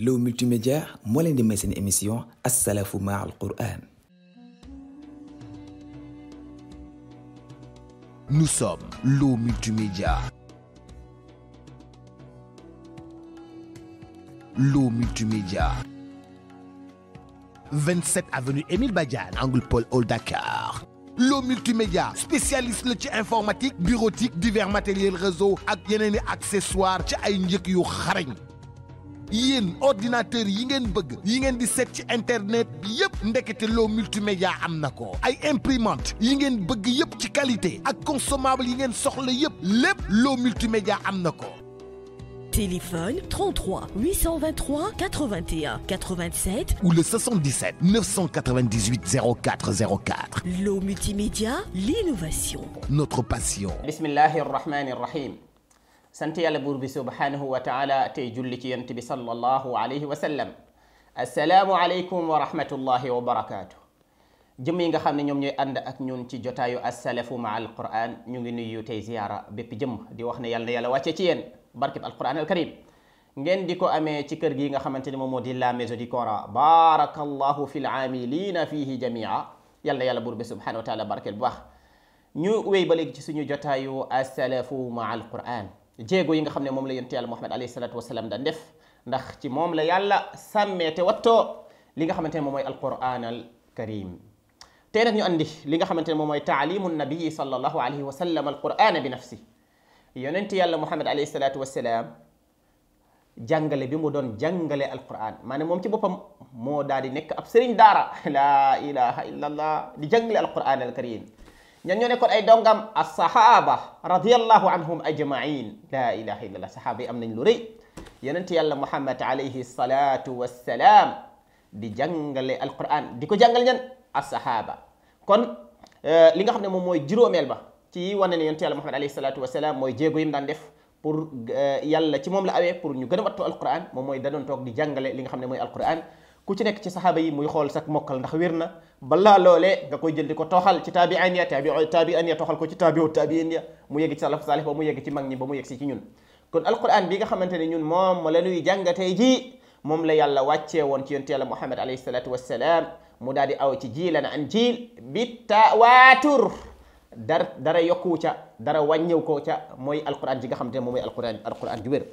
L'eau multimédia moi l'un des émission Assalamu al Qur'an. Nous sommes l'eau multimédia. L'eau multimédia. 27 avenue Émile Badian, angle Paul Dakar. L'eau multimédia spécialiste de informatique bureautique divers matériels réseau et accessoires, accessoires ci ay y yéen ordinateur yi ngeen bëgg yi ngeen di internet bi yëpp ndekete loo multimédia am na ko ay imprimante yi ngeen bëgg yépp ci qualité ak consommable yi ngeen soxla yépp lépp lo multimédia am Téléphone 33 823 81 87 ou le 77 998 0404. L'eau multimédia, l'innovation. Notre passion. Bismillahir Rahmanir Rahim. سنتي على بور سبحانه وتعالى تيجل كي صلى الله عليه وسلم السلام عليكم ورحمة الله وبركاته جمعي نغا خامني نيوم ني اند اك نيون تي جوتايو السلف مع القران نيغي نيو تي زياره بيبي جم دي واخنا يال يالا واتي تي ين بركب القران الكريم نين ديكو امي تي كيرغي نغا خامتيني مومو دي لا ميزو دي كورا بارك الله في العاملين فيه جميعا يال يالا بور سبحانه وتعالى بارك الواخ نيو وي بالي تي سونو جوتايو السلف مع القران jéego yi nga xam ne moom la yonent yàlla Muhammad alayhi salaatu wasalaam daan def ndax ci moom la yàlla sàmmee te wattoo li nga xamante ne moom mooy alquran al karim tey nag ñu andi li nga xamante ne moom mooy taalimu nabii sallallahu alayhi wa sallam alquran bi nafsi yonent yàlla Muhammad alayhi salaatu wasalaam jàngale bi mu doon jàngale alquran maanaam moom ci boppam moo daal di nekk ab sëriñ daara laa ilaha illallah di jàngale alquran al karim ñan ñoo nekkoon ay dongam as-sahaaba radiyallahu anhum ajmain la ilaha illallah sahaaba yi am nañ lu rëy ti yàlla muhammad alayhi salatu wassalaam di jàngale alquran di ko jàngal ñan as-sahaaba kon euh, li nga xam ne moom mooy juróomeel ba ci wane ne yonent yàlla muhammad alayhi salatu wassalaam mooy jéego yi mu daan def pour euh, yàlla ci moom la awee pour ñu gën a wattu alquran moom mooy da doon toog di jàngale li nga xam ne mooy alquran ku ci nekk ci saxaaba yi muy xool sak mokkal ndax wér na balaa loolee nga koy jël ko toxal ci taabi'an ya taabi'an ya tooxal ko ci taabi'u taabi'in ya mu yegg ci salaf saalih ba mu yegg ci mag ñi ba mu yegg si ci ñun kon alquran bi nga xamante ne ñun moom la nuy jàngatee ji moom la yàlla wàccee woon ci yonte yàlla muhammad alayhi salaatu wassalaam mu daal di aw ci jiilan an jiil bi tawaatur dar dara yokku ca dara wàññëw ko ca mooy alquran ji nga xamante ne moom mooy alquran alquran ju wér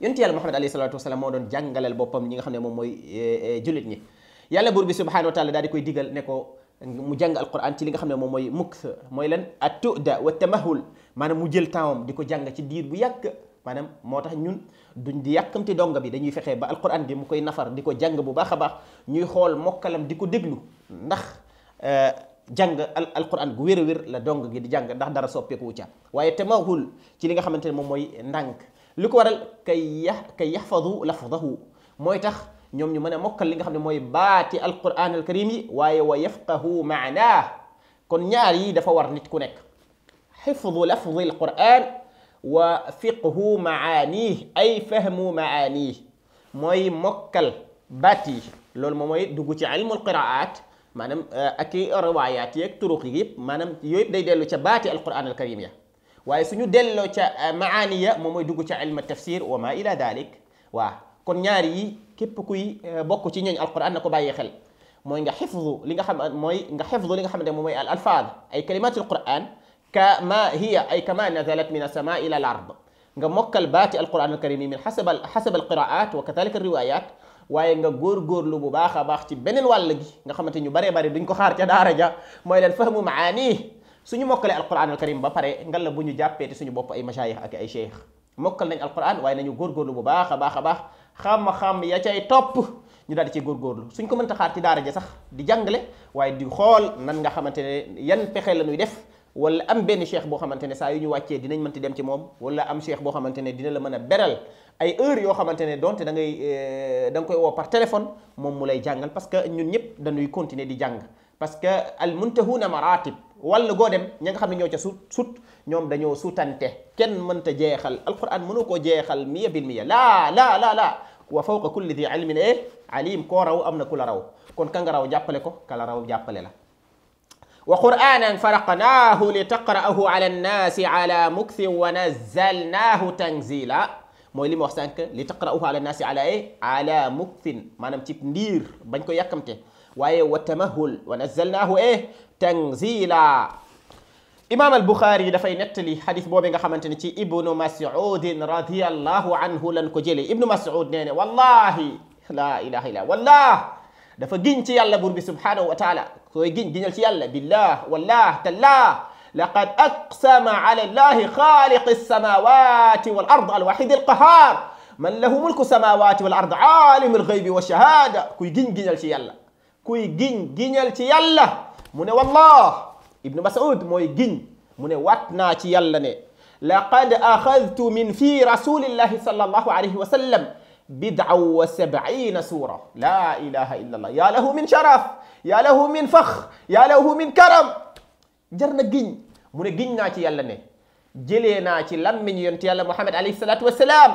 yonent yàlla Muhammad alayhi salaatu wasalaam moo doon jàngaleel boppam ñi nga xam ne moom mooy eh, eh, jullit ñi yàlla buur bi subhanahu wa taala daal di koy digal ne ko mu jàng alquran ci li nga xam ne moom mooy mukth mooy lan at tuda wa tamahul maanaam mu jël tempsam di ko jàng ci diir bu yàgg maanaam moo tax ñun duñ di yàkkamti donga bi dañuy fexe ba alquran bi mu koy nafar di ko jàng bu baax a baax ñuy xool mokkalam di ko déglu ndax eh, jàng al alquran gu wér a wér la dong gi di jàng ndax dara soppeeku wu ca waaye tamahul ci li nga xamante ne moom mooy ndànk li ko waral kay yax kay yaxfadu lafdahu mooy tax ñoom ñu mën a mokkal li nga xam ne mooy baati alquran alkarim yi waaye wa yafqahu maanaa kon ñaar yi dafa war nit ku nekk xifdu lafdi alquran wa fiqhu maaniih ay fahmu maaniih mooy mokkal baat yi loolu moom mooy dugg ci ilmu alqiraat maanaam ak i riwaayaat yeeg turuq yi yëpp maanaam yooyu day dellu ca baati alquran alkarim ya waaye suñu delloo ca maani ya moom mooy dugg ca ilma tafsir wa ma ila dalik waaw kon ñaari yi képp kuy bokk ci ñooñ alquran na ko bàyyi xel mooy nga xifdu li nga xam mooy nga xifdu li nga xamante moom mooy al alfaad ay kalimatul quran كما هي أي كما نزلت من السماء إلى الأرض نمك البات القرآن الكريم من حسب حسب القراءات وكذلك الروايات waaye nga góorgóorlu bu baax a baax ci beneen wàll gi nga xamante ñu bare bare duñ ko xaar ca daara ja mooy leen fahmu maani suñu mokkalee alquran al karim ba pare ngal la bu ñu jàppeeti suñu bopp ay masaayix ak ay cheikh mokkal nañ alquran waaye nañu góorgóorlu bu baax a baax a baax xam-xam ya cay topp ñu daal di ciy góorgóorlu suñ ko mënta xaar ci daara ja sax di jàngale waaye di xool nan nga xamante ne yan pexe la ñuy def wala am benn cheikh boo xamante ne saa yu ñu wàccee dinañ mënti dem ci moom wala am cheikh boo xamante ne dina la mën a beral ay heure yoo xamante ne donte da ngay euh, da nga koy woo par téléphone moom mu lay jàngal parce que ñun ñëpp dañuy continuer di jàng parce que al muntahuna maratib wala go dem ña nga xam ñoo ci sut sut ñoom dañoo sutante kenn ta jéxal alquran mënu ko jéxal miya bil miya la la la la wa fawqa kulli dhi ilmin eh alim ko raw amna kula raw kon ka nga raw jàppale ko kala raw jàppale la wa qur'anan faraqnahu li taqra'ahu ala nasi ala mukthi wa nazzalnahu tanzila moy limi wax sank li taqra'uhu ala an-nasi ala eh ala mukthin manam ci ndir bañ ko yakamte waye wa tamahul wa nazzalnahu eh تنزيلا امام البخاري دا فاي نيتلي حديث بوبيغا خامتاني تي ابن مسعود رضي الله عنه لن كوجيلي ابن مسعود نيني والله لا اله الا والله دا فا غينتي يالا بربي سبحانه وتعالى كوي غين غينال سي يالا بالله والله تالله لقد اقسم على الله خالق السماوات والارض الواحد القهار من له ملك السماوات والارض عالم الغيب والشهاده كوي غين غينال سي يالا كوي غين غينال سي يالا من والله ابن مسعود موي mooy من واتنا ne wat naa ci yàlla ne laqad axadtu الله fi rasulillahi sallallahu alayhi wa وسبعين سورة لا إله إلا الله يا له من شرف يا له من فخ يا له من كرم جرنا جن من جن ناتي يلا نه جلي ناتي لم من ينتي يلا محمد عليه الصلاة والسلام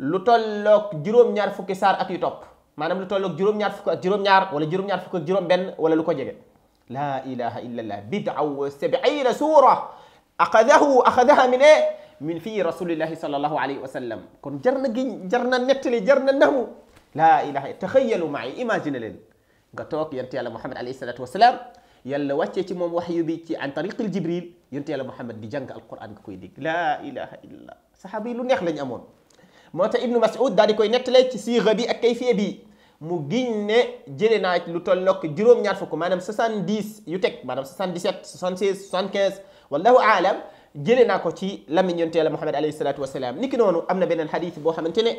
لطلق جروم نعرف كسار أكيد توب ما نم لطلق جروم نعرف جروم نعرف ولا جروم نعرف جروم بن ولا لكو جيجن لا إله إلا الله بدعة وسبعين سورة أخذه أخذها من إيه؟ من في رسول الله صلى الله عليه وسلم كن جرنا جرنا نتلي جرنا نمو لا إله تخيلوا معي إيماجين لين قطوك ينتي على محمد عليه الصلاة والسلام يلا واتي موم وحي بي عن طريق الجبريل ينتي على محمد دي القرآن كوي ديك لا إله إلا الله صحابي لو نيخ لن أمون موتا ابن مسعود داري كوي نتلي تسيغ بي أكيفية بي mu giñ ne jëlee naa ci lu toll nokk juróom-ñaar fuk manam 70 yu tek manam 77 76 75 wallahu aalam jëlee na ko ci lamiñ yonent la Muhammad alayhi salatu wassalam niki nonu amna benen hadith bo xamantene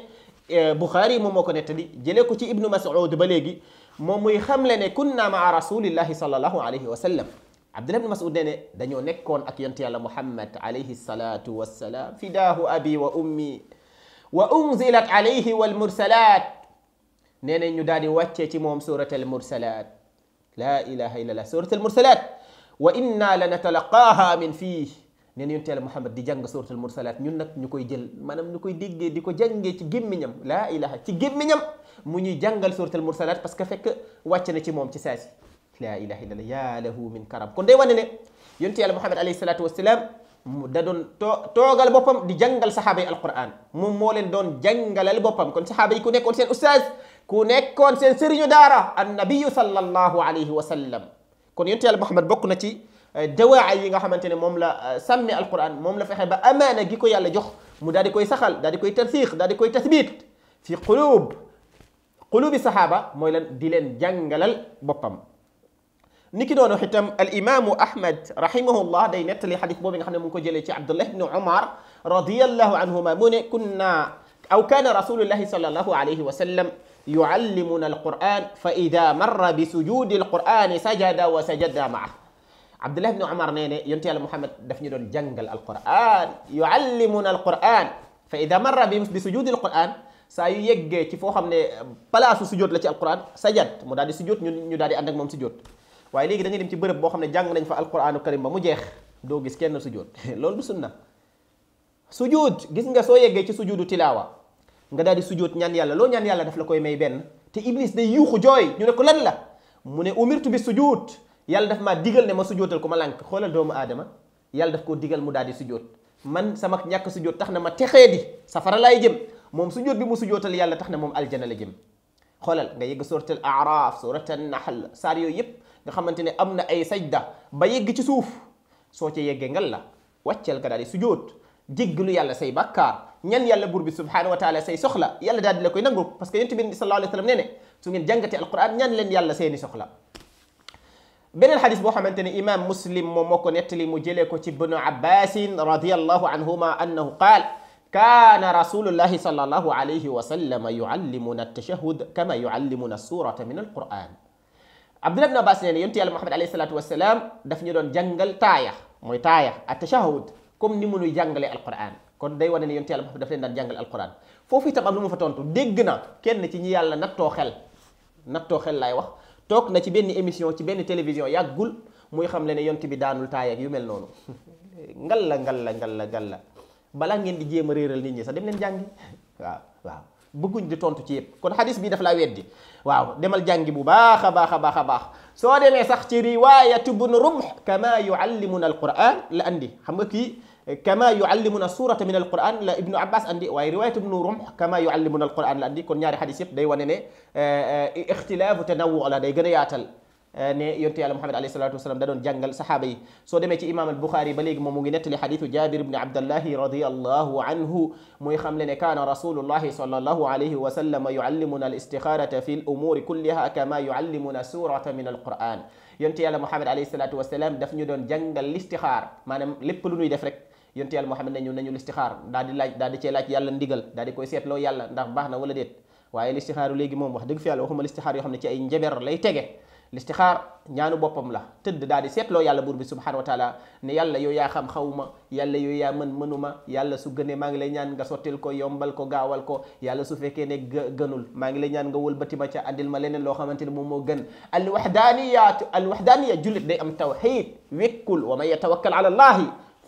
bukhari ne moko moom moo ko ko ci Ibnu Mas'ud ba léegi moom muy xamle ne kunna ma rasulillah sallallahu alayhi wasallam عبد الله بن مسعود nee دانيو نيكون اك يونتي الله محمد عليه الصلاه والسلام فداه ابي وامي وانزلت عليه والمرسلات نين ني دادي واتي تي موم سوره المرسلات لا اله الا الله سوره المرسلات وانا لنتلقاها من فيه نين يونتي محمد دي جانغ سوره المرسلات نون نك نكوي جيل مانام نكوي ديغي ديكو جانغي تي غيمنيام لا اله تي غيمنيام مو ني جانغال سوره المرسلات باسكو فك واتي تي موم تي ساسي لا اله الا الله يا له من كرم كون داي واني ني يونتي محمد عليه الصلاه والسلام da doon toogal boppam di jàngal saxaaba yi alquran moom moo leen doon jàngalal boppam kon saxaaba ku nekkoon seen sëriñu daara annabiyu sallallahu alayhi wa sallam kon yonent yàlla Muhammad bokk na ci dawaa yi nga xamante ne moom la sàmmi alquran moom la fexe ba amaana gi ko yàlla jox mu daal di koy saxal daal di koy tarsiix daal di koy tasbit fi qulub qulubi saxaaba mooy lan di leen jàngalal boppam ni ki noonu itam al imaamu ahmad rahimahullah day nettali xadis boobu nga xam ne mu ngi ko jëlee ci abdullah ibni umar radiallahu anhuma mu ne kunna aw kaana rasulullahi sallallahu alayhi wa sallam yuallimuna alquran fa ida marra bi sujudi alqurani sajada wa sajada maahu abdullah ibni omar nee ne yontu yàlla muhammad daf ñu doon jàngal alquran yuallimuna alquran fa ida marra bi sujudi alquran saa yu yeggee ci foo xam ne palaasu sujjóot la ci alquran sajad mu daal di sujjóot ñun ñu daal di ànd ak moom sujjóot waaye léegi da ngay dem ci bërëb boo xam ne jàng nañ fa alquranu karim ba mu jeex doo gis kenn sujjóot loolu du sunna sujjóot gis nga soo yeggee ci sujjóotu tilaawa nga daal di sujjóot ñaan yàlla loo ñaan yàlla def la koy may benn te iblis day yuuxu jooy ñu ne ko lan la mu ne umirtu bi sujjóot yàlla daf maa digal ne ma sujjóotal ko ma lànk xoolal doomu aadama yàlla daf koo digal mu daal di sujjóot man sama ñàkk sujjóot tax na ma texee di safara laay jëm moom sujjóot bi mu sujjóotal yàlla tax na moom aljana la jëm xoolal nga yegg suratal aaraaf suratal naxal saar yooyu yëpp nga xamante ne am na ay sajda ba yegg ci suuf soo ca yeggee ngal la wàcceel nga daal di sujjóot jéggalu yàlla say bàkkaar ñan yàlla bur bi subhanahu wa taala say soxla yàlla dal dilakoy la parce que yentibi sallallahu alayhi wasallam sallam su ngeen jangati alquran ñan len yàlla seeni soxla benen hadith bo xamanteni imam muslim moom moo ko mu jele ko ci ibn abbas radiallahu anhuma annahu qala كان رسول الله صلى الله عليه وسلم يعلمنا التشهد كما يعلمنا السورة من القرآن عبد الله بن عباس yonent yàlla محمد عليه الصلاة والسلام daf ñu doon jàngal taaya mooy taaya altashahud comme ni mu nuy jàngale kon day wone ni yonte yàlla Muhammad daf leen daan jàngal alquran fofu itam am lu mu fa tontu deg na kenn ci ñi yàlla natto xel natto xel lay wax tok na ci benn émission ci benn télévision yagul muy xam le yonte bi daanul tay ak yu mel nonu ngal la ngal la ngal la ngal la bala ngeen di jema réeral nit ñi sa dem len jàngi waaw waaw bëgguñ di tontu ci yëpp kon hadith bi daf la weddi waaw demal jàngi bu baax a baax baax so demé sax ci riwayat ibn rumh kama yuallimuna alquran la andi xam nga ki كما يعلمنا سورة من القرآن لا ابن عباس أندي ورواية ابن رمح كما يعلمنا القرآن لا أندي كنيار حديث داي ونني آه، آه، اختلاف وتنوع على داي جنياتل آه، ني على محمد عليه الصلاة والسلام دون جنجل صحابي سو دمي إمام البخاري بليغ ممغينة لحديث جابر بن عبد الله رضي الله عنه موي خملني كان رسول الله صلى الله عليه وسلم يعلمنا الاستخارة في الأمور كلها كما يعلمنا سورة من القرآن يونتي على محمد عليه الصلاة والسلام دفنيو دون جنجل الاستخار مانم لب يدفرك yonte yàlla Muhammad nañu nañu listixaar dal di laaj dal di ci laaj yàlla ndigal dal di koy setlo yàlla ndax baxna wala det waye listixaaru legi mom wax deug fi yàlla waxuma listixaar yo xamne ci ay njeber lay tege listixaar ñaanu bopam la teud dal di setlo yàlla buur bi subhanahu wa taala ne yàlla yo ya xam xawma yàlla yo ya man manuma yàlla su gëne ma ngi lay ñaan nga sotel ko yombal ko gawal ko yàlla su fekke ne gënul ma ngi lay ñaan nga wul batima ca andil ma leneen xamanteni mom mo gën al wahdaniyat al wahdaniyat julit day am tawhid wékkul wa may tawakkal ala allah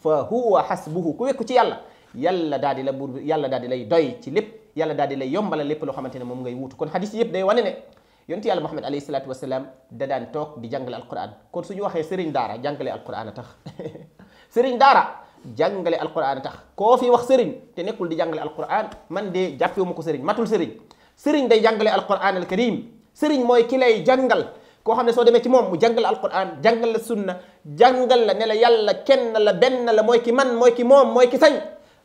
fa huwa hasbuhu ku wekku ci yàlla yàlla daal di la buur yàlla di lay doy ci lépp yàlla daal di a yombala lépp loo xamante ne moom ngay wuutu kon hadis yëpp day wane ne yonti yàlla Muhammad alayhi salaatu wasalaam toog di jàngale alquran kon suñu waxee sëriñ daara jàngale alquran a tax sëriñ daara jàngale alquran a tax koo fi wax sëriñ te nekkul di jàngale alquran man de jàppewuma ko sëriñ matul sëriñ sëriñ day jàngale alquran al karim sëriñ mooy ki lay jàngal koo xam ne soo demee ci moom mu jàngal alquran jàngal la sunna jàngal la ne la yàlla kenn la benn la mooy ki man mooy ki moom mooy ki sañ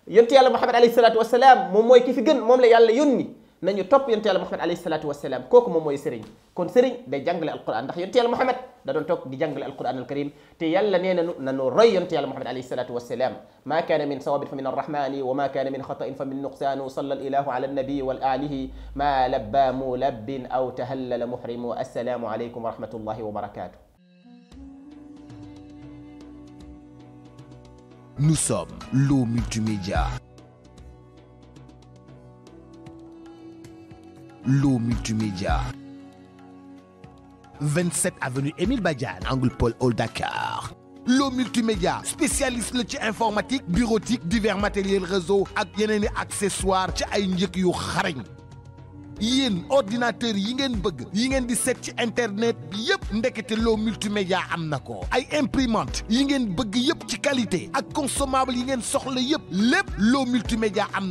yontu yàlla muhammad alayhi salaatu wasalaam moom mooy ki fi gën moom la yàlla yónni nañu top yonent yàlla Muhammad alayhi salatu wassalam koku mom moy sëriñ kon sëriñ day jàngale alquran ndax yonent yàlla Muhammad da don tok di jàngale alquran alkarim te yàlla nee nanu nanu roy yonent yàlla Muhammad alayhi salatu wassalam ma kana min sawabin fa min arrahmani wa ma kana min khata'in fa min nuqsaanu sallal ilahu ala an-nabi wal alihi ma labba mulabbin aw tahallala wa assalamu alaykum wa rahmatullahi wa barakatuh Nous sommes l'eau multimédia. l'eau multimédia. 27 avenue Émile Badian, Angle Paul Hall Dakar. L'eau multimédia spécialiste le informatique bureautique divers matériels réseau ak accessoires ci ay njëkk yu xarañ. Yeen ordinateur yi ngeen bëgg yi ngeen di set ci internet bi ndekete l'eau multimédia am imprimantes ko ay imprimante yi ngeen bëgg yëpp ci qualité ak consommable yi ngeen soxla yëpp lépp multimédia am